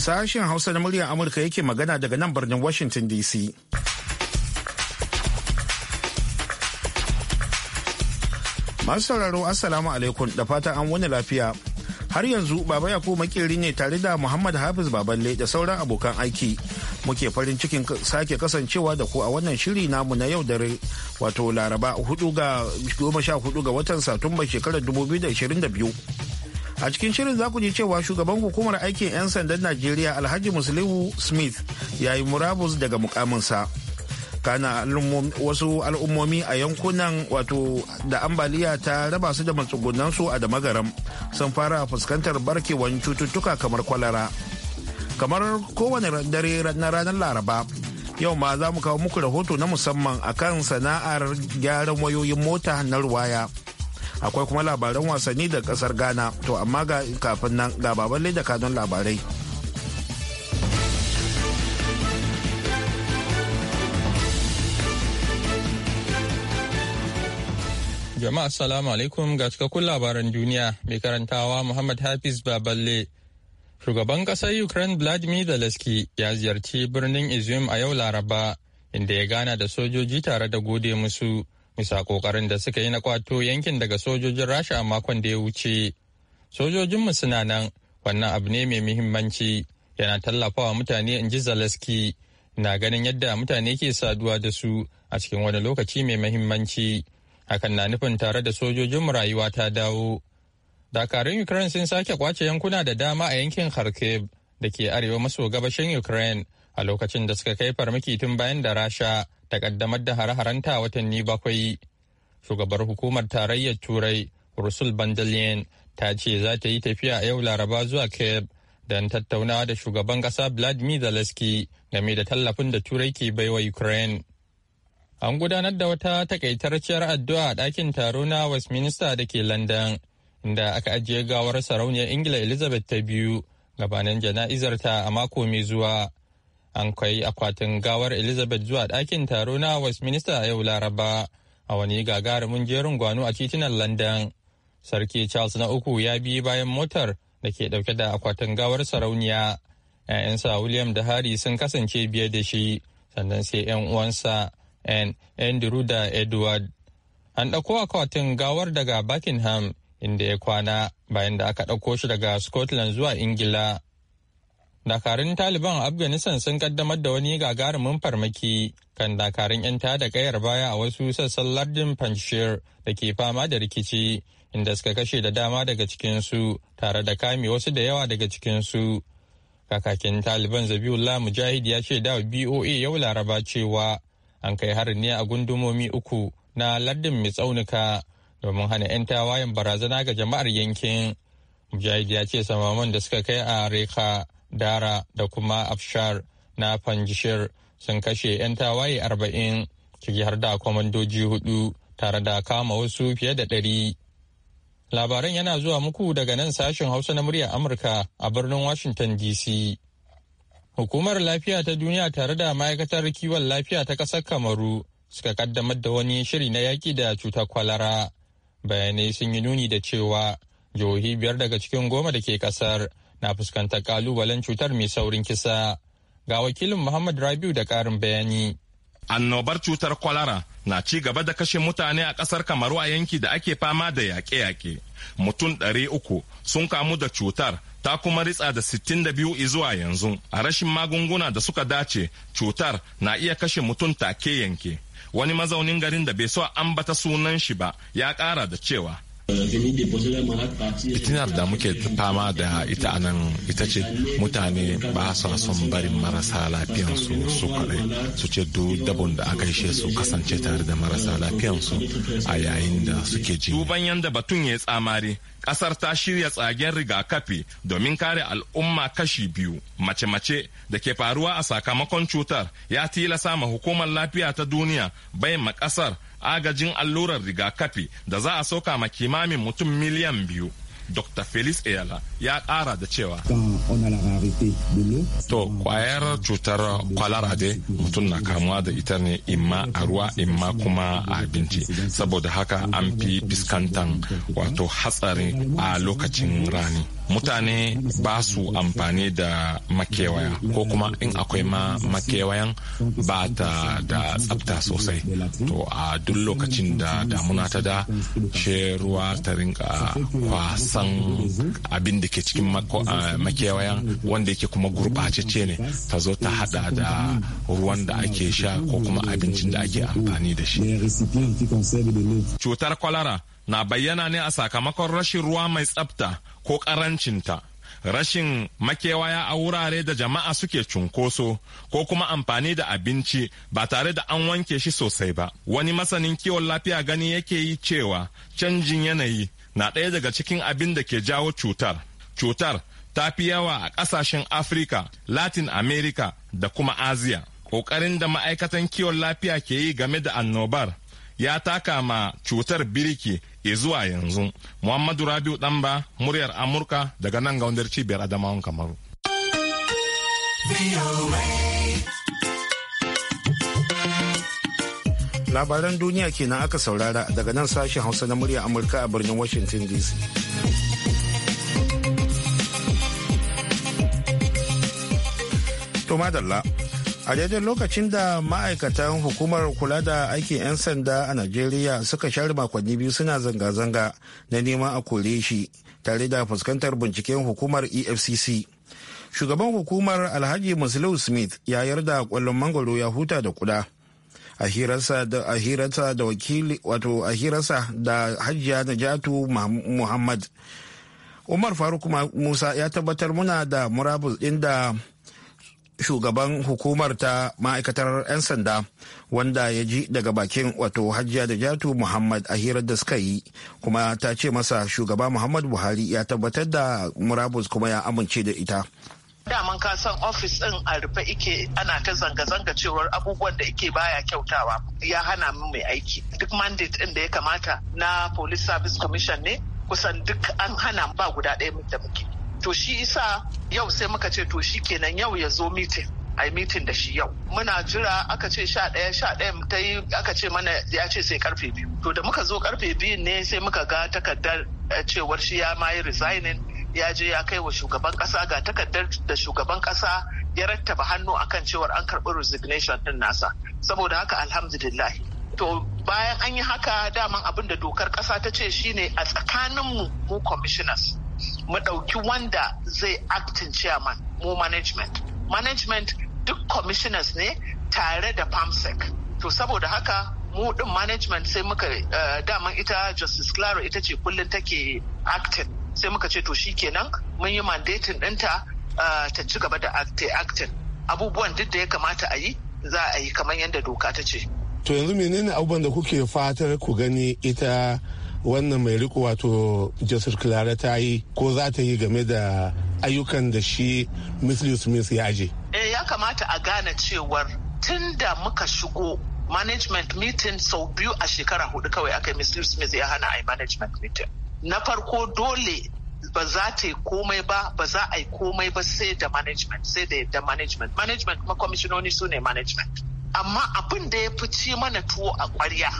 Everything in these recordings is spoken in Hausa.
Sashen Hausa na muryar Amurka yake magana daga nan birnin Washington DC. Masu sauraro Assalamu alaikum da fatan an wani lafiya. Har yanzu Baba Yakubu makeri ne tare da Muhammad Hafiz Baballe da sauran abokan aiki. Muke farin cikin sake kasancewa da ku a wannan shiri namu na yau dare wato Laraba 4 ga 14 ga watan Satumba shekarar 2022. a cikin shirin za ku ji cewa shugaban hukumar aikin 'yan sandan najeriya alhaji muslihu smith ya yi murabus daga mukaminsa kana wasu al'ummomi a yankunan wato da ambaliya ta raba su da matsugunansu a damagaram sun fara fuskantar barkewan cututtuka kamar kwalara kamar kowane dare na ranar laraba yau ma za mu kawo muku rahoto na musamman akan sana'ar gyaran wayoyin mota na ruwaya akwai kuma labaran wasanni da kasar ghana to amma ga kafin nan ga baban da kanun labarai jama'a assalamu alaikum ga cikakkun labaran duniya mai karantawa muhammad hafiz baballe shugaban kasar ukraine vladimir zelensky ya ziyarci birnin izum a yau laraba inda ya gana da sojoji tare da gode musu bisa kokarin da suka yi na kwato yankin daga sojojin rasha a makon da ya wuce sojojinmu suna nan wannan abu ne mai muhimmanci yana tallafawa mutane in ji zaleski na ganin yadda mutane ke saduwa da su a cikin wani lokaci mai muhimmanci hakan na nufin tare da sojojin mu rayuwa ta dawo dakarun ukraine sun sake kwace yankuna da dama a yankin kharkiv da ke arewa maso gabashin ukraine a lokacin da suka kai farmaki tun bayan da rasha ta kaddamar da hare-harenta watanni bakwai shugabar hukumar tarayyar turai rusul bandalian ta ce za ta yi tafiya a yau laraba zuwa kiev don tattaunawa da shugaban kasa vladimir zelensky game da tallafin da turai ke baiwa ukraine an gudanar da wata takaitarciyar addu'a a dakin taro na westminster da ke london inda aka ajiye gawar sarauniyar ingila elizabeth ta biyu gabanin jana'izarta a mako mai zuwa an kai akwatin gawar elizabeth zuwa ɗakin taro na westminster a yau laraba a wani gagarumin jerin gwano a titunan london sarki charles na uku ya bi bayan motar da ke ɗauke da akwatin gawar sarauniya 'ya'yansa william da hari sun kasance biye da shi sannan sai 'yan uwansa n andrew da edward an ɗauko akwatin gawar daga buckingham inda ya kwana bayan da aka ɗauko shi daga scotland zuwa ingila dakarun taliban a afghanistan sun kaddamar da wani gagarumin farmaki kan dakarun 'yan da kayar baya a wasu sassan lardin panjshir da ke fama da rikici inda suka kashe da dama daga cikinsu tare da kame wasu da yawa daga cikinsu kakakin taliban zabiullah mujahid ya ce da boa yau laraba cewa an kai harin ne a gundumomi uku na lardin mai tsaunuka domin hana 'yan tawayen barazana ga jama'ar yankin mujahid ya ce samaman da suka kai a reka dara da kuma afshar na fangishir sun kashe 'yan tawaye arba'in ciki har da kwamandoji hudu tare da kama wasu fiye da ɗari. labaran yana zuwa muku daga nan sashen hausa na muryar amurka a birnin washington dc hukumar lafiya ta duniya tare da ma'aikatar kiwon lafiya ta ƙasar kamaru suka kaddamar da wani shiri na yaƙi da cutar kwalara bayanai sun yi nuni da cewa jihohi biyar daga cikin goma da ke ƙasar na fuskantar kalubalen cutar mai saurin kisa. Ga wakilin Muhammad Rabiu da karin bayani. Annobar cutar kwalara na ci gaba da kashe mutane a ƙasar Kamaru a yanki da ake fama da yaƙe-yaƙe. Mutum ɗari uku sun kamu da cutar ta kuma ritsa da sittin da biyu izuwa yanzu. A rashin magunguna da suka dace, cutar na iya kashe mutum take yanke. Wani mazaunin garin da bai so ambata sunan shi ba ya ƙara da cewa fitinar eh, da muke fama da ita anan ita ce mutane ba sa son barin marasa lafiyansu su kaɗai su ce du dabon da aka ishe su kasance tare da marasa lafiyansu a yayin da suke ji. duban yanda batun ya tsamari kasar ta shirya tsagen rigakafi domin kare al'umma kashi biyu mace-mace da ke faruwa a sakamakon cutar ya tilasa ma hukumar lafiya ta duniya bai ma ƙasar agajin allurar rigakafi da za a soka ma kimamin mutum miliyan biyu. Dr. Felix Eyala ya ƙara da cewa. To kwayar cutar kwalara dai mutum na kamuwa da ita ne imma a ruwa imma kuma a abinci saboda haka an fi fuskantan wato hatsari a lokacin rani. Mutane ba su amfani da makewaya ko kuma in akwai ma makewayan ba ta da tsabta sosai. To a duk lokacin da damuna ta da she ruwa ta rinka kwasa san abin da ke cikin makewaya wanda yake kuma gurɓacece ne ta zo ta hada da ruwan da ake sha ko kuma abincin da ake amfani da shi cutar kwalara na bayyana ne a sakamakon rashin ruwa mai tsafta ko ƙarancinta rashin makewaya a wurare da jama'a suke cunkoso ko kuma amfani da abinci ba tare da an wanke shi sosai ba wani masanin kiwon lafiya gani yake yi cewa canjin yanayi na ɗaya daga cikin abin da ke jawo cutar. Cutar ta fi yawa a ƙasashen Afirka, Latin America da kuma Asiya. Ƙoƙarin da ma'aikatan kiwon lafiya ke yi game da annobar ya taka ma cutar biriki zuwa yanzu. Muhammadu Rabiu Ɗanba, muryar Amurka daga nan ga wandar cibiyar Adamawan Kamaru. labaran duniya kenan aka saurara daga nan sashen hausa na murya amurka a birnin washington dc to madalla a daidai lokacin da ma'aikatan hukumar kula da aikin 'yan sanda a najeriya suka share makonni biyu suna zanga-zanga na neman a kore shi tare da fuskantar binciken hukumar efcc shugaban hukumar alhaji musulun smith ya yarda kwallon mangoro ya huta da kuda a hirarsa da a hirarsa da najatu muhammad umar faruk musa ya tabbatar muna da murabus din da shugaban hukumar ta ma'aikatar 'yan sanda wanda ya ji daga bakin wato hajjiya da jatu muhammad a hirar da suka yi kuma ta ce masa shugaba muhammad buhari ya tabbatar da murabus kuma ya amince da ita daman ka san ofis din a rufe ike ana ta zanga-zanga cewar abubuwan da ike baya kyautawa ya hana min mai aiki duk mandate din da ya kamata na police service commission ne kusan duk an hana ba guda ɗaya da muke to shi isa yau sai muka ce to shi kenan yau ya zo meeting a yi mitin da shi yau muna jira aka ce sha ɗaya sha ɗaya ta yi aka ce mana ya ce sai karfe biyu to da muka zo karfe biyu ne sai muka ga takardar eh, cewar shi ya ma yi resigning ya je ya kai wa shugaban kasa ga takardar da shugaban kasa ya rattaba hannu akan cewar an karɓi resignation din nasa saboda haka alhamdulillah to bayan an yi haka daman abin da dokar kasa ta ce shine a tsakanin mu commissioners mu ɗauki wanda zai acting chairman mu management management duk commissioners ne tare da pamsec to saboda haka mu din management sai muka eh, daman ita justice claro ita ce kullum take acting sai muka ce to shi kenan mun yi mandatin ɗinta ta ci gaba da acting abubuwan duk da ya kamata a yi za a yi kamar yadda doka ta ce. To yanzu menene abubuwan da kuke fatar ku gani ita wannan mai riko wato Jesur Clara ta yi ko za ta yi game da ayyukan da shi Misli Smith ya aje? Eh ya kamata a gane cewar tun da muka shigo management meeting sau biyu a shekara hudu kawai aka Misli Smith ya hana a yi management meeting. na farko dole ba za ta yi komai ba ba za a yi komai ba sai da management sai da yadda management management kuma kwamishinoni su ne management amma abin da ya fi ci mana tuwo a kwarya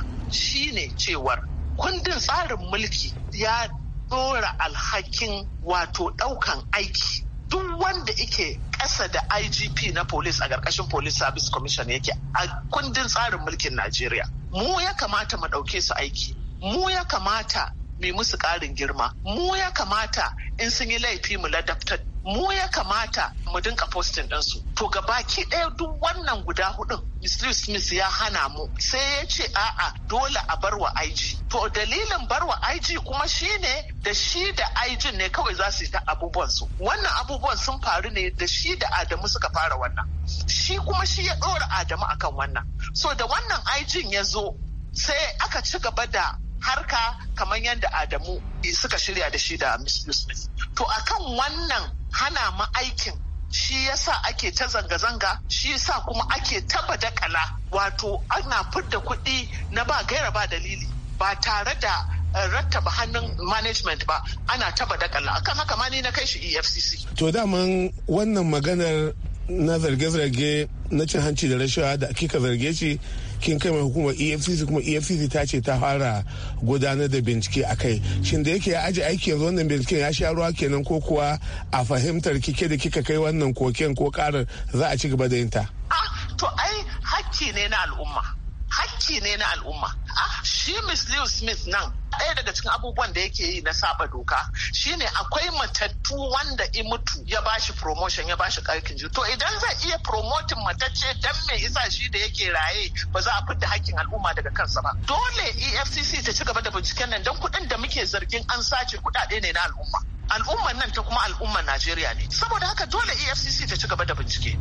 ne cewar kundin tsarin mulki ya dora alhakin wato ɗaukan aiki duk wanda ike ƙasa da igp na police a ƙarƙashin police service commission yake a kundin tsarin mulkin najeriya mu ya kamata mu ɗauke su aiki mu ya kamata mi musu ƙarin girma mu ya kamata in sun yi laifi mu ladabtar mu ya kamata mu dinka postin ɗinsu to ga baki ɗaya duk wannan guda hudun Mr. Smith ya hana mu sai ya ce a'a dole a barwa IG to dalilin barwa IG kuma shine da shi da IG ne kawai za su yi ta abubuwan wannan abubuwan sun faru ne da shi da Adamu suka fara wannan shi kuma shi ya ɗora Adamu akan wannan so da wannan IG ya zo sai aka ci gaba da harka kamar yadda Adamu suka shirya da shi da Miss Smith. To akan wannan hana ma aikin shi yasa ake ta zanga-zanga shi yasa kuma ake taba dakala wato ana fidda kuɗi na ba gaira ba dalili ba tare da eh, rattaba hannun management ba ana taba dakala akan haka ma ni na kai shi efcc to daman wannan maganar na zarge-zarge na cin hanci da rashawa da kika zarge shi kin kai mai hukumar efcc kuma efcc ta ce ta fara gudanar da bincike a kai shin da yake ya aji aiki yanzu wannan binciken ya sha ruwa kenan ko kuwa a fahimtar kike da kika kai wannan koken ko karar za a ci gaba da yin ta ah, to ai hakki ne na al'umma hakki ne na al'umma ah shi miss leo smith nan ɗaya daga cikin abubuwan da yake yi na saba doka shine akwai matattu wanda i mutu ya bashi promotion ya bashi karkin ji to idan zai iya promoting matacce dan me isa shi da yake raye ba za a fidda hakkin al'umma daga kansa ba dole EFCC ta ci gaba da binciken nan dan kuɗin da muke zargin an sace kuɗaɗe ne na al'umma Al'ummar nan ta kuma Al'ummar Najeriya ne saboda haka dole EFCC ta ci gaba da bincike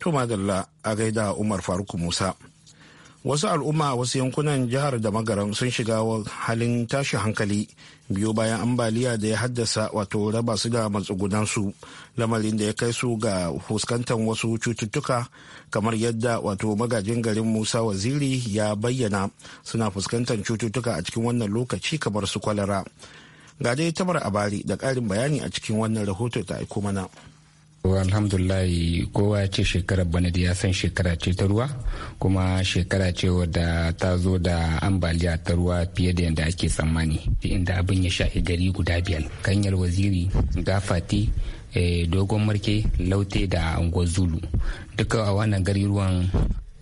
to madalla a gaida Umar Faruk Musa wasu al'umma wasu yankunan jihar da magaran sun shiga halin tashi hankali biyo bayan ambaliya da ya haddasa wato raba su da matsugunansu lamarin da ya kai su ga fuskantar wasu cututtuka kamar yadda wato magajin garin musa waziri ya bayyana suna fuskantar cututtuka a cikin wannan lokaci kamar su kwalara ga dai tamar abari da ƙarin bayani a cikin wannan rahoto ta aiko mana. alhamdulillah kowa ce shekarar bana da ya san shekara ce ta ruwa kuma shekara ce wadda ta zo da ambaliya ta ruwa fiye da yadda ake tsammani inda abin ya shafi gari guda biyar kanyar waziri gafati eh, dogon marke laute da angozulu duka a wannan gari ruwan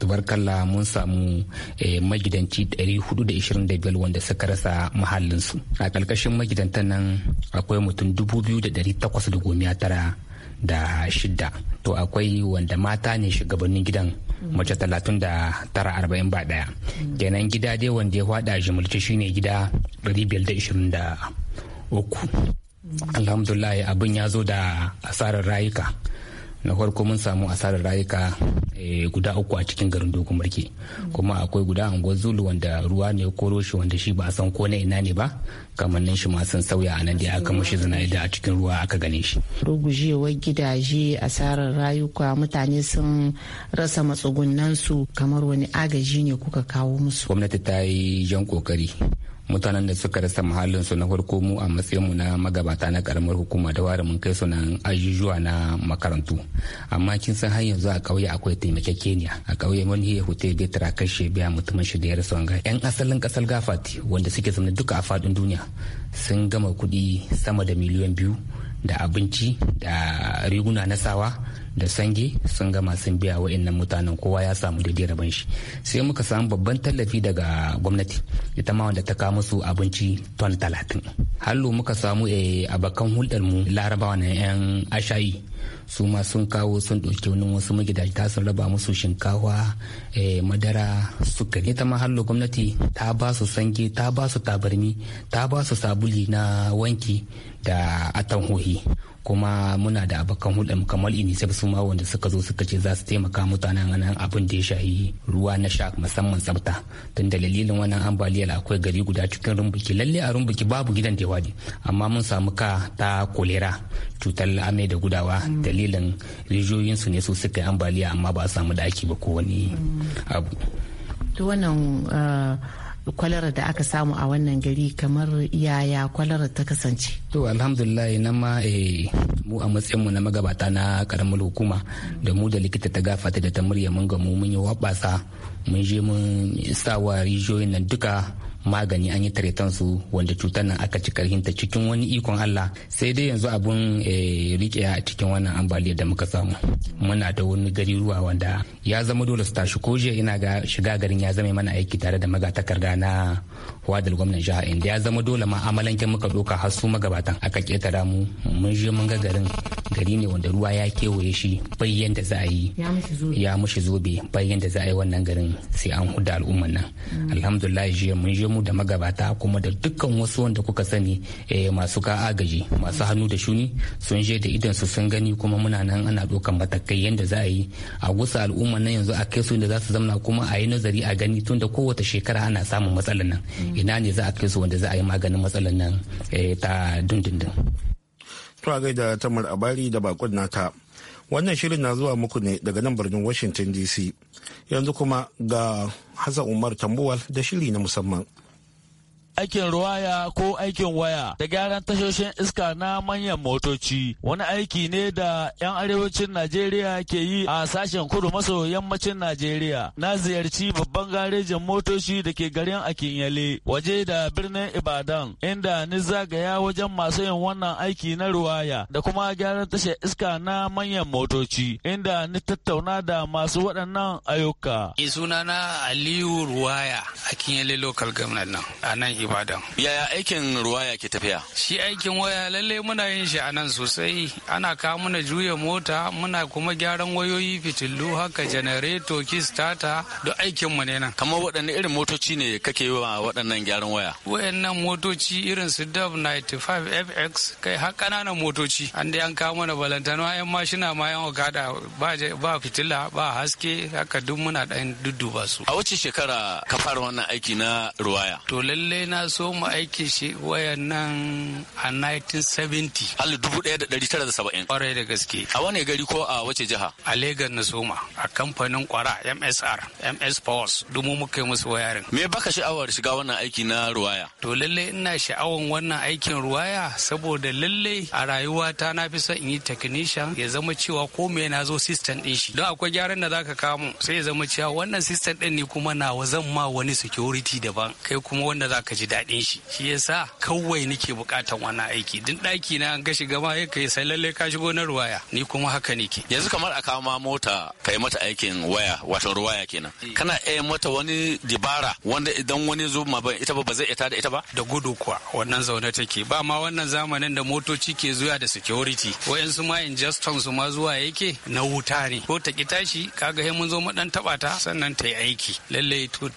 tubarkalla mun samu eh, magidanci 425 wanda suka rasa mahallinsu a ƙarƙashin magidantan nan akwai mutum tara. da shidda to akwai wanda mata ne shugabannin gidan mace talatin da tara arba'in ba daya kenan gida dai wanda ya hada shi shine gida dari biyar da ishirin da uku alhamdulillah abin ya zo da asarar rayuka na farko mun samu asarar rayuka eh, guda uku a cikin garin dogon mulki kuma akwai guda anguwar zulu wanda ruwa ne koro shi wanda shi ba a san ko na ina ne ba kamannin shi ma sun sauya a nan da aka mashi da a cikin ruwa aka gane shi rugujewar gidaje asarar rayuka mutane sun rasa matsugunan su kamar wani agaji ne kuka kawo musu gwamnati ta yi jan kokari mutanen da suka rasa su na farko mu a mu na magabata na karamar hukuma da ware mun kai su nan ajujuwa na makarantu amma kin san har yanzu a kauye akwai taimakekeniya a kauye wani ya hute bai tara kashe biya mutumin shi da ya rasa wanga yan asalin ƙasar gafati wanda suke zama duka a faɗin duniya sun gama kuɗi sama da miliyan biyu da abinci da riguna na sawa da sange sun gama sun biya wa'annan mutanen kowa ya samu daidai rabin shi sai muka samu babban tallafi daga gwamnati ita ma wanda ta kawo musu abinci ton talatin hallo muka samu eh, a bakan hulɗar mu larabawa na yan ashayi su ma sun kawo sun ɗauki wani wasu magidanta sun raba musu shinkawa eh, madara sukari ita ma hallo gwamnati ta ba su sange ta ba su tabarmi ta ba su sabuli na wanki da atanhohi kuma muna da abokan hulɗa kamar unicef su ma wanda suka zo suka ce za su taimaka mutanen nan abin da ya shahi ruwa na sha musamman tsafta tun da dalilin wannan ambaliyar akwai gari guda cikin rumbuki lalle a rumbuki babu gidan da wadi amma mun samu ka ta kolera cutar amai da gudawa dalilin rijiyoyinsu ne su suka yi ambaliya amma ba a samu daki ba ko wani abu to wannan uh, kwalara da aka samu a wannan gari kamar yaya kwalara ta kasance to alhamdulillah na ma eh, mu a matsayinmu na magabata na karamar hukuma da mu da likita ta gafata da ta murya mun mu mun yi wabasa mun je mun sawa rijiyoyin nan duka magani an yi taritan su wanda cutar nan aka ci karhinta cikin wani ikon Allah sai dai yanzu abun eh, rike a cikin wannan ambaliyar da muka samu muna da wani gari ruwa wanda ya zama dole su tashi ko jiya ina ga shiga garin ya zama mana aiki tare da magatakarda na wadal gwamnan jiha inda ya zama dole ma amalanke muka doka har su magabatan aka ketara mu mun je mun ga garin gari ne wanda ruwa ya kewaye shi bayan da za a yi ya mushi zobe bayan da za a yi wannan garin sai an huda al'umman nan mm. alhamdulillah jiya mun je mu da magabata kuma da dukkan wasu wanda kuka sani eh, masu ka agaji masu hannu da shuni sun je da idan su sun gani kuma muna nan ana dokan matakai yanda za a yi a gusa al'umman nan yanzu a kai su da za su zamna kuma a yi nazari a gani tun da kowace shekara ana samun matsalan nan mm. ina ne za a kai su wanda za a yi maganin matsalan nan eh, ta dundundun To da gaida tamar bari da bakon nata. Wannan shirin na zuwa muku ne daga nan birnin Washington DC. Yanzu kuma ga Hassan Umar Tambuwal da shiri na musamman. aikin ruwaya ko aikin waya da gyaran tashoshin iska na manyan motoci wani aiki ne da 'yan arewacin najeriya ke yi a sashen kudu maso yammacin najeriya na ziyarci babban garejin motoci da ke garin akinyale waje da birnin ibadan inda ni zagaya wajen masu yin wannan aiki na ruwaya da kuma gyaran tashar iska na manyan motoci inda ni tattauna da masu waɗannan ayyuka eh, sunana aliyu ruwaya local government nan nan ibadan yaya aikin ruwaya ke tafiya shi aikin waya lalle muna yin shi a nan sosai ana kawo muna juya mota muna kuma gyaran wayoyi fitilu haka janareto kistata da aikin mu ne nan kamar waɗanne irin motoci ne kake yi wa waɗannan gyaran waya wayannan motoci irin su dab 95 fx kai har ƙananan motoci an dai an kawo mana balantana yan mashina ma yan okada ba fitila ba haske haka duk muna ɗan dudduba su a wace shekara ka fara wannan aiki na ruwaya to lalle na so mu aikin shi wayan nan a 1970. hali dubu ɗaya da ɗari tara da saba'in. kwarai da gaske. A wani gari ko a wace jiha? A Legas na soma a kamfanin kwara MSR, MS Force, dumu muka yi musu wayarin. Me baka sha'awar shiga wannan aiki na ruwaya? To lalle ina sha'awar wannan aikin ruwaya saboda lallai a rayuwata na fi son in yi technician ya zama cewa ko me na zo system ɗin shi. Don akwai gyaran da zaka kamo sai ya zama cewa wannan system ɗin ne kuma wa zan ma wani security daban kai kuma wanda zaka je ji daɗin shi shi yasa kawai nake bukatan wannan aiki din ɗaki na ga shiga ma ya sai lalle ka shigo na ruwaya ni kuma haka nake yanzu kamar a kama mota kai mata aikin waya wato ruwaya kenan eh. kana iya mata wani dibara wanda idan wani zo ma ita ba zai ita da ita ba da gudu kuwa wannan zaune take ba ma wannan zamanin da motoci ke zuwa da security wayansu ma injustice su ma zuwa yake na wuta ne ko ta ki tashi kaga he mun zo mu dan taba ta sannan ta yi aiki lalle to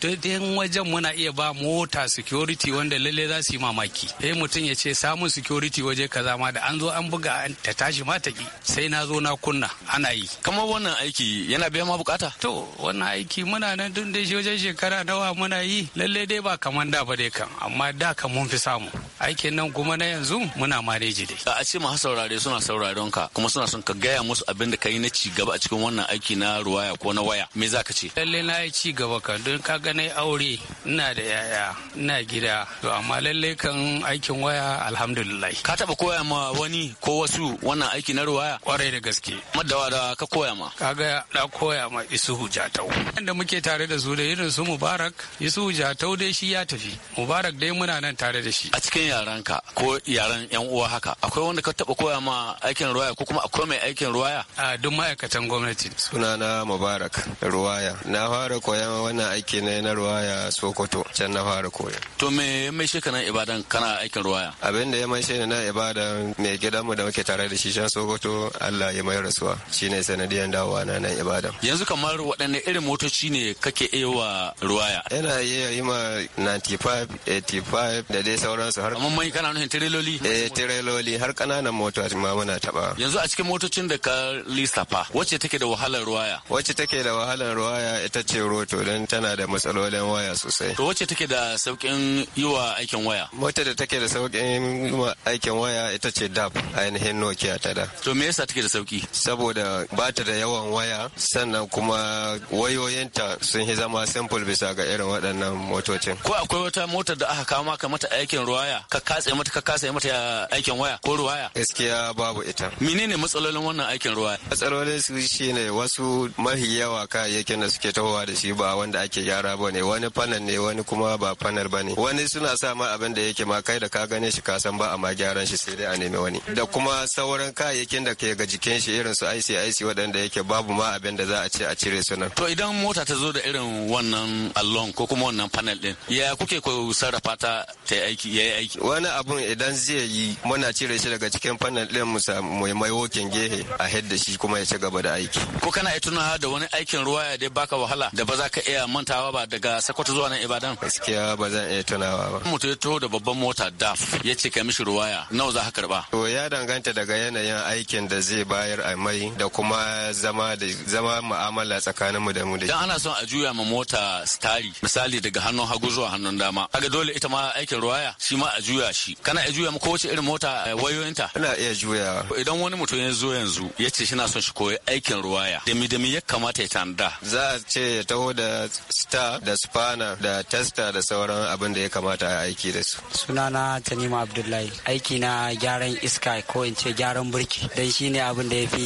wajen muna iya ba mota security security wanda lalle za su yi mamaki sai eh, mutum ya ce samun security waje kaza ma da an zo an buga ta tashi ma ta ki sai na zo na kunna ana yi kamar wannan aiki yana biya ma bukata to wannan aiki muna nan tun da wajen shekara nawa muna yi lalle dai ba kamar da ba dai kan amma da kan mun fi samu aikin nan kuma na yanzu muna maneji dai a ce masu saurare suna sauraron ka kuma suna son ka gaya musu abin da ka yi na ci gaba a cikin wannan aiki na ruwaya ko na waya me za ka ce Lallai na yi ci gaba kan don ka ga nai aure ina da yaya ina gida to amma lalle kan aikin waya alhamdulillah ka taba koya ma wani ko wasu wannan aiki na ruwaya kwarai da gaske madawa da ka koya ma ka ga na koya ma isuhu jatau inda muke tare da su da irin su mubarak isuhu jatau dai shi ya tafi mubarak dai muna nan tare da shi a cikin yaran yaranka ko yaran yan uwa haka akwai wanda ka taba koya ma aikin ruwaya ko kuma akwai mai aikin ruwaya a duk ma'aikatan gwamnati sunana mubarak ruwaya na fara koyan wannan aiki ne na ruwaya sokoto can na fara koya to me ya maishe ka nan ibadan kana aikin ruwaya abin da ya maishe ni na ibadan mai gidanmu da muke tare da shi shan sokoto Allah ya mai rasuwa shine sanadiyan dawowa na nan ibadan yanzu kamar waɗanne irin motoci ne kake ewa ruwaya ina yi ma 95 85 da dai sauransu har kamar mai kana nufin tireloli eh tireloli har kananan motoci ma muna taba yanzu a cikin motocin da ka lissafa wacce take da wahalar ruwaya wacce take da wahalar ruwaya ita ce roto don tana da matsalolin waya sosai to wacce take da sauƙin yi wa aikin waya mota da take da sauƙin yi wa aikin waya ita ce DAP. ainihin nokia ta da to me yasa take da sauƙi? saboda ba ta da yawan waya sannan kuma wayoyinta sun yi zama simple bisa ga irin waɗannan motocin ko akwai wata mota da aka kawo maka mata aikin ruwaya ka katse mata ka kasa mata aikin waya ko ruwaya gaskiya babu ita menene matsalolin wannan aikin ruwaya matsalolin su shine wasu mafi yawa kayayyakin da suke tahowa da shi ba wanda ake gyara ba ne wani panel ne wani kuma ba panel ba wani suna sa ma abin da yake ma kai da ka gane shi ka san ba a ma gyaran shi sai dai a nemi wani da kuma sauran kayayyakin da ke ga jikin shi irin su IC IC waɗanda yake babu ma abin da za a ce a cire su nan to idan mota ta zo da irin wannan allon ko kuma wannan panel din ya kuke ko sarrafa ta ta aiki yayi aiki wani abun idan zai yi muna cire shi daga cikin fannin ɗin mu mai maiwokin gehe a da shi kuma ya ci gaba da aiki. Ko kana iya tunawa da wani aikin ruwa ya dai baka wahala da ba za ka iya mantawa ba daga Sokoto zuwa nan Ibadan? Gaskiya ba zan iya tunawa ba. Mutum ya taho da babban mota DAF ya ce ka mishi ruwaya nawa za ka karba? To ya danganta daga yanayin aikin da zai bayar a mai da kuma zama da zama mu'amala tsakanin mu da mu da ana son a juya ma mota stari misali daga hannun hagu zuwa hannun dama. Kaga dole ita ma aikin ruwaya shi ma a juya shi kana iya juya ko wace irin mota eh, wayoyinta ina iya juya idan wani mutum ya zo yanzu ya ce shina son shi koyi aikin ruwaya dami dami ya kamata ya tanda za a ce ya taho da star da spanner da testa da sauran abin da ya kamata a aiki da su sunana tanima abdullahi aiki na gyaran iska ko in ce gyaran birki dan shine abin da ya fi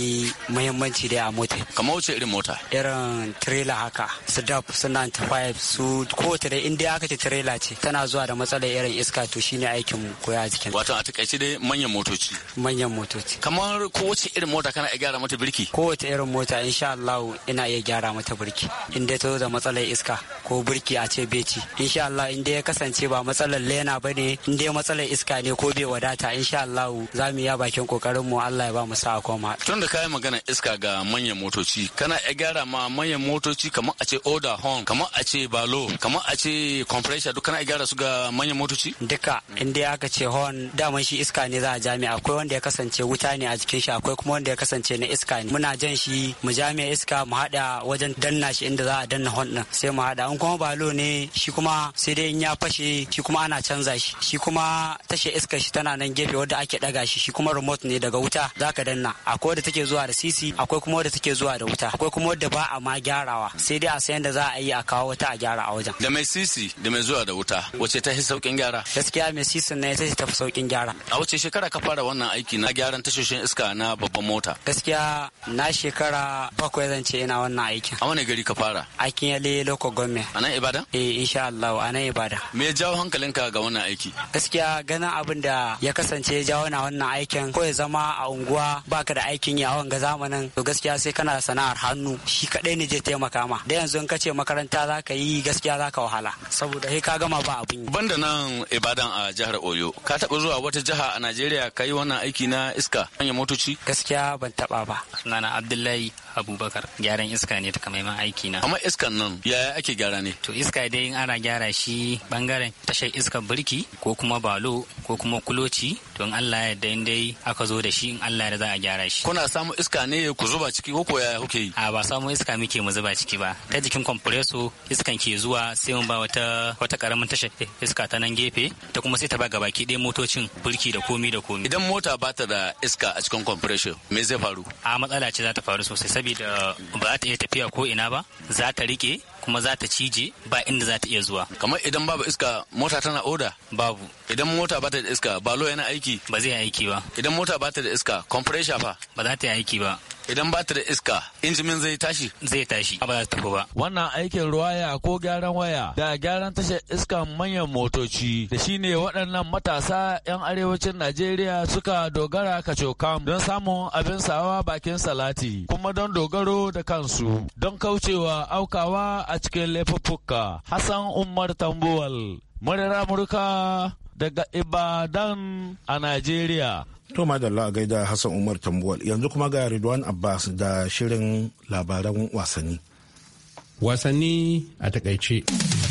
muhimmanci da a mota kamar wace irin mota irin trailer haka su dab su 95 su kowace da inda aka ce trailer ce tana zuwa da matsalar irin iska to shine ne aikin mu koya a jikin wato a takaice dai manyan motoci manyan motoci kamar kowace irin mota kana iya gyara mata birki kowace irin mota insha Allah ina iya gyara mata birki in dai ta zo da matsalar iska ko birki a ce beci insha Allah in dai ya kasance ba matsalar lena bane in dai matsalar iska ne ko bai wadata insha Allah za mu iya bakin kokarin mu Allah ya ba mu sa'a koma tun da kai magana iska ga manyan motoci kana iya gyara ma manyan motoci kamar a ce order horn kamar a ce balo kamar a ce compressor duk kana iya gyara su ga manyan motoci duka in dai aka ce horn daman shi iska ne za a jami akwai wanda ya kasance wuta ne a jikin shi akwai kuma wanda ya kasance na iska ne muna jan shi mu jami iska mu hada wajen danna shi inda za a danna horn din sai mu hada in kuma balo ne shi kuma sai dai in ya fashe shi kuma ana canza shi shi kuma tashe iska shi tana nan gefe wadda ake daga shi shi kuma remote ne daga wuta za ka danna akwai wadda take zuwa da sisi akwai kuma wadda take zuwa da wuta akwai kuma wadda ba a ma gyarawa sai dai a sayan da za a yi a kawo wata a gyara a wajen da mai sisi da mai zuwa da wuta wace ta hi saukin gyara gaskiya na sisan na ya ce ta saukin gyara. A wace shekara ka fara wannan aiki na gyaran tashoshin iska na babban mota? Gaskiya na shekara bakwai zan ce ina wannan aikin. A wani gari ka fara? Aikin ya le loko gome. A nan Ibadan? Eh insha Allah a nan Ibadan. Me ya jawo hankalinka ga wannan aiki? Gaskiya ganin abin da ya kasance ya jawo na wannan aikin ko ya zama a unguwa baka da aikin yi a wanga zamanin to gaskiya sai kana da sana'ar hannu shi kadai ne je taimaka ma. Da yanzu in ka ce makaranta za ka yi gaskiya za ka wahala saboda sai ka gama ba abin yi. Banda nan Ibadan a jihar Oyo. Ka taɓa zuwa wata jiha a Najeriya ka yi wannan aiki na iska hanyar motoci? Gaskiya ban taɓa ba. Nana Abdullahi abubakar gyaran iska ne takamaiman aiki na amma iskan nan yaya ake gyara ne to iska dai in ana gyara shi bangaren tashar iska birki ko kuma balo ko kuma kuloci to in Allah ya yarda dai aka zo da shi in Allah ya za a gyara shi kuna samu iska ne ku zuba ciki ko ya kuke yi a ba samu iska muke mu zuba ciki ba ta jikin compresso iskan ke zuwa sai mun ba wata wata karamin tashar iska ta nan gefe ta kuma sai ta ba gabaki ɗaya motocin birki da komi da komi idan mota ba ta da iska a cikin compression me zai faru a matsala ce za ta faru sosai saboda ba ta iya tafiya ko ina ba za ta rike kuma za ta cije ba inda za ta iya zuwa kamar idan babu iska mota tana oda babu idan mota ba ta da iska balo yana aiki ba zai aiki ba idan mota ba ta da iska compressor fa ba za ta yi aiki ba idan ba ta da iska injimin zai tashi zai tashi ba za ta tafi ba wannan aikin ruwaya ko gyaran waya da gyaran tashar iska manyan motoci da shine waɗannan matasa 'yan arewacin najeriya suka dogara kacokam don samun abin sawa bakin salati kuma don dogaro da kansu don kaucewa aukawa a cikin laifuffuka. Hassan Umar Tambuwal, Murira Amurka daga Ibadan a Najeriya. To madalla a gaida Hassan Umar Tambuwal yanzu kuma ga Ridwan Abbas da shirin labaran wasanni. Wasanni a takaice.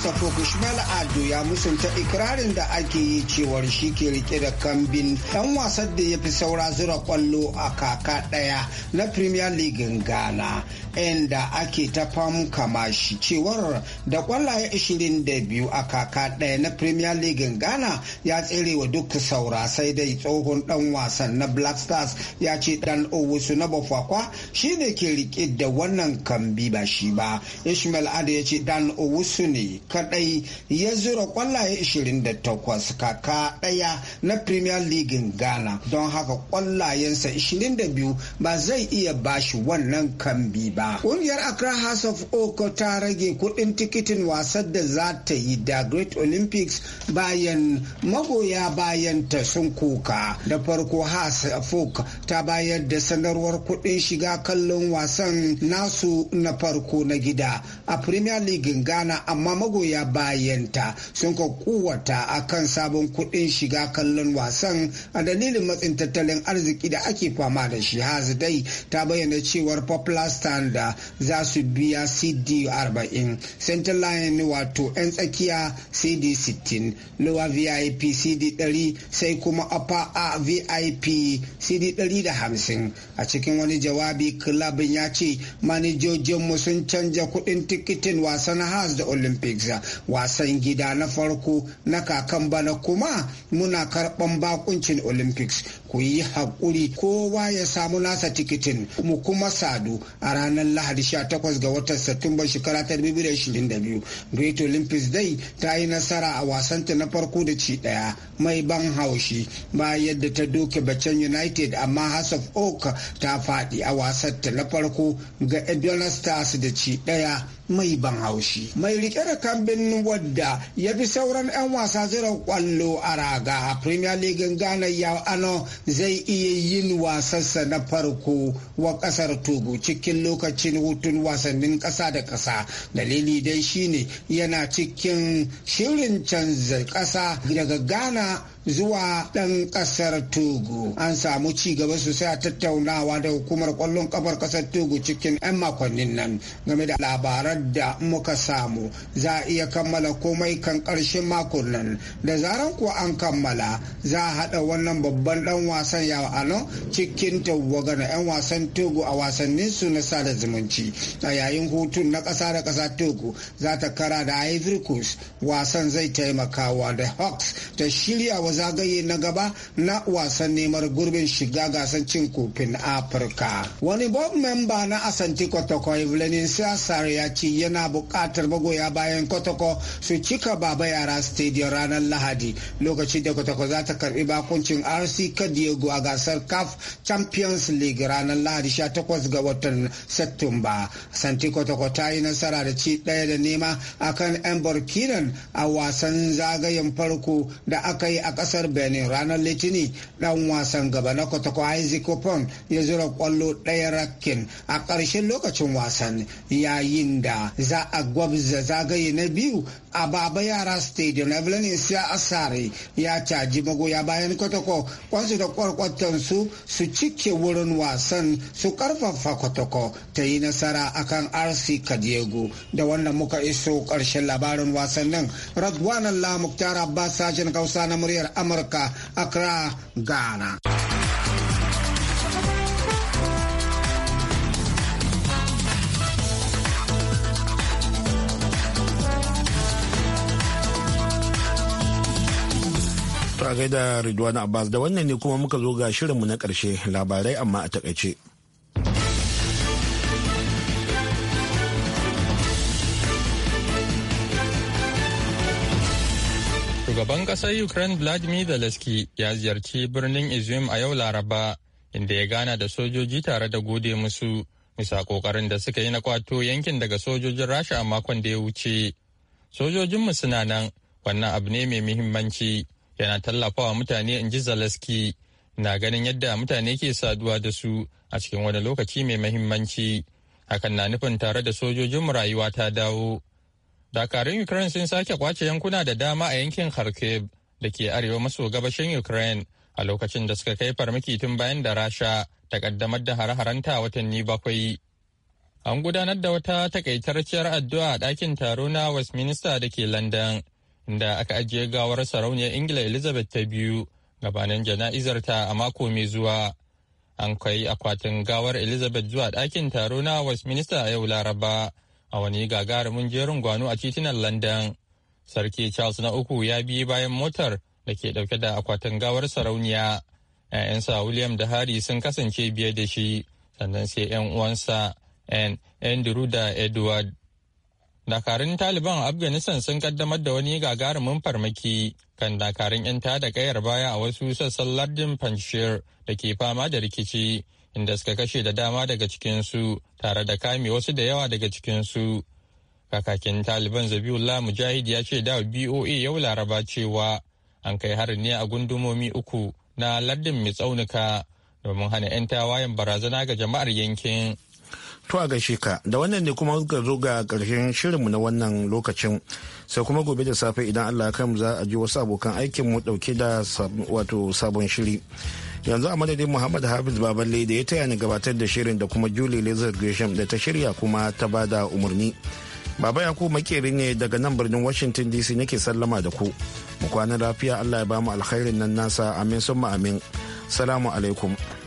nasa Fokushmal Ado ya musanta ikirarin da ake yi cewar shi ke rike da kambin ɗan wasan da ya fi saura zura kwallo a kaka ɗaya na Premier League Ghana. da ake ta famkama shi cewar da kwallaye 22 a kaka ɗaya na premier league ghana ya tsere wa duk saura sai dai tsohon dan wasan na black stars ya ce dan owusu na bafakwa shi ne ke rike da wannan kambi ba shi ba ishmael ada ya ce dan owusu ne kadai ya zura kwallaye 28 kaka ɗaya na premier league ghana don haka kwallayensa 22 ba zai iya bashi wannan kambi ba ba. Ƙungiyar Accra House of Oko ta rage kuɗin tikitin wasan da za ta yi da Great Olympics bayan magoya bayan ta sun kuka. Da farko House of Oak ta bayar da sanarwar kuɗin shiga kallon wasan nasu na farko na gida a Premier League Ghana amma magoya bayan ta sun kuwata a kan sabon kuɗin shiga kallon wasan a dalilin matsin tattalin arziki da ake fama da shi. House dai ta bayyana cewar Poplar Stand da za su biya cd 40 central line wato 'yan tsakiya cd 60 lower vip cd 100 sai kuma upper vip cd 150 a cikin wani jawabi kilabin ya ce manajojinmu sun canja kuɗin tikitin wasan has da olympics wasan gida na farko na kakan bana kuma muna karɓan bakuncin olympics ku yi haƙuri kowa ya samu nasa tikitin mu kuma sadu a ranar lahadi 18 ga watan satumba shekara ta 2022 great olympics dai ta yi nasara a wasanta na farko da ci daya mai ban haushi ba yadda ta doke bacan united amma house of oak ta faɗi a wasanta na farko ga ebiona stars da ci daya mai ban haushi mai rike da kambin wadda ya fi sauran 'yan wasa zira kwallo a raga a premier league ghana ya ano zai iya yin wasansa na farko wa kasar togo cikin lokacin hutun wasannin kasa da kasa dalili dai shine yana cikin shirin canza kasa daga ghana zuwa ɗan ƙasar Togo. An samu ci gaba sosai a tattaunawa da hukumar ƙwallon ƙafar ƙasar Togo cikin 'yan makonnin nan game da labaran da muka samu za a iya kammala komai kan ƙarshen makon nan. Da zaran kuwa an kammala za a haɗa wannan babban ɗan wasan yawa ano cikin tawaga na 'yan wasan Togo a wasannin su na sada zumunci. A yayin hutun na ƙasa da ƙasa Togo za ta kara da Ivory Coast wasan zai taimakawa da Hawks ta shirya wa zagaye na gaba na wasan neman gurbin shiga gasar cin kofin afirka wani bob memba na asanti kotoko evelyn siyasar ya ce yana buƙatar magoya bayan kotoko su cika baba yara stadium ranar lahadi lokaci da kotoko za ta karbi bakuncin rc kadiego a gasar caf champions league ranar lahadi 18 ga watan satumba asanti kotoko ta yi nasara da ci ɗaya da nema akan yan burkinan a wasan zagayen farko da aka yi a kasar benin ranar litini dan wasan gaba na kotoko isaac opon ya zura kwallo daya rakin a ƙarshen lokacin wasan yayin da za a gwabza zagaye na biyu a baba yara stadium evelyn siya asare ya caji magoya bayan kotoko kwansu da kwarkwatan su su cike wurin wasan su karfafa kotoko ta yi nasara akan rc kadiego da wannan muka iso ƙarshen labarin wasannin radwanan lamuktar abbas sajin kausa na muryar amurka Amurka Accra, Ghana. Ta gaida Ridwan Abbas da wannan ne kuma muka zo ga shirinmu na ƙarshe labarai amma a takaice. Shugaban ƙasar Ukraine Vladimir Zelensky ya ziyarci birnin Izium a yau Laraba, inda ya gana da sojoji tare da gode musu bisa ƙoƙarin da suka yi na kwato yankin daga sojojin Rasha a makon da ya wuce. Sojojinmu suna nan, wannan abu ne mai muhimmanci, yana tallafawa mutane in ji Zelensky. Na ganin yadda mutane ke saduwa da su a cikin wani lokaci mai muhimmanci. Hakan na nufin tare da sojojin mu rayuwa ta dawo. dakarun ukraine sun sake kwace yankuna da dama a yankin kharkiv da ke arewa maso gabashin ukraine a lokacin da suka kai farmaki tun bayan da rasha ta kaddamar da hare-harenta watanni bakwai an gudanar da wata takaitarciyar addu'a a ɗakin taro na westminster da ke london inda aka ajiye gawar sarauniyar ingila elizabeth ta biyu gabanin ta a mako mai zuwa an kai akwatin gawar elizabeth zuwa ɗakin taro na westminster a yau laraba a wani gagarumin jerin gwano a titunan london sarki charles na uku ya bi bayan motar da ke dauke da akwatin gawar sarauniya 'ya'yansa william da harry sun kasance biye da shi sannan sai 'yan uwansa and andrew da edward dakarun taliban a afghanistan sun kaddamar da wani gagarumin farmaki kan dakarun 'yan tada kayar baya a wasu sassan lardin panjshir da ke fama da rikici inda suka kashe da dama daga cikinsu tare da kame wasu da yawa daga cikinsu. Kakakin Taliban Zabiullah Mujahid ya ce da BOA yau Laraba cewa an kai harin ne a gundumomi uku na lardin mai tsaunuka domin hana 'yan tawayen barazana ga jama'ar yankin. To a gaishe ka da wannan ne kuma ka zo ga ƙarshen shirinmu na wannan lokacin sai kuma gobe da safe idan Allah ya za a ji wasu abokan aikinmu ɗauke da wato sabon shiri. yanzu a madadin muhammad hafiz baballe da ya taya ni gabatar da shirin da kuma julie lizard gresham da ta shirya kuma ta bada umarni baba yaku makeri ne daga nan birnin washington dc nake sallama da ku mu kwana lafiya allah ya bamu alkhairin nan nasa amin summa amin salamu alaikum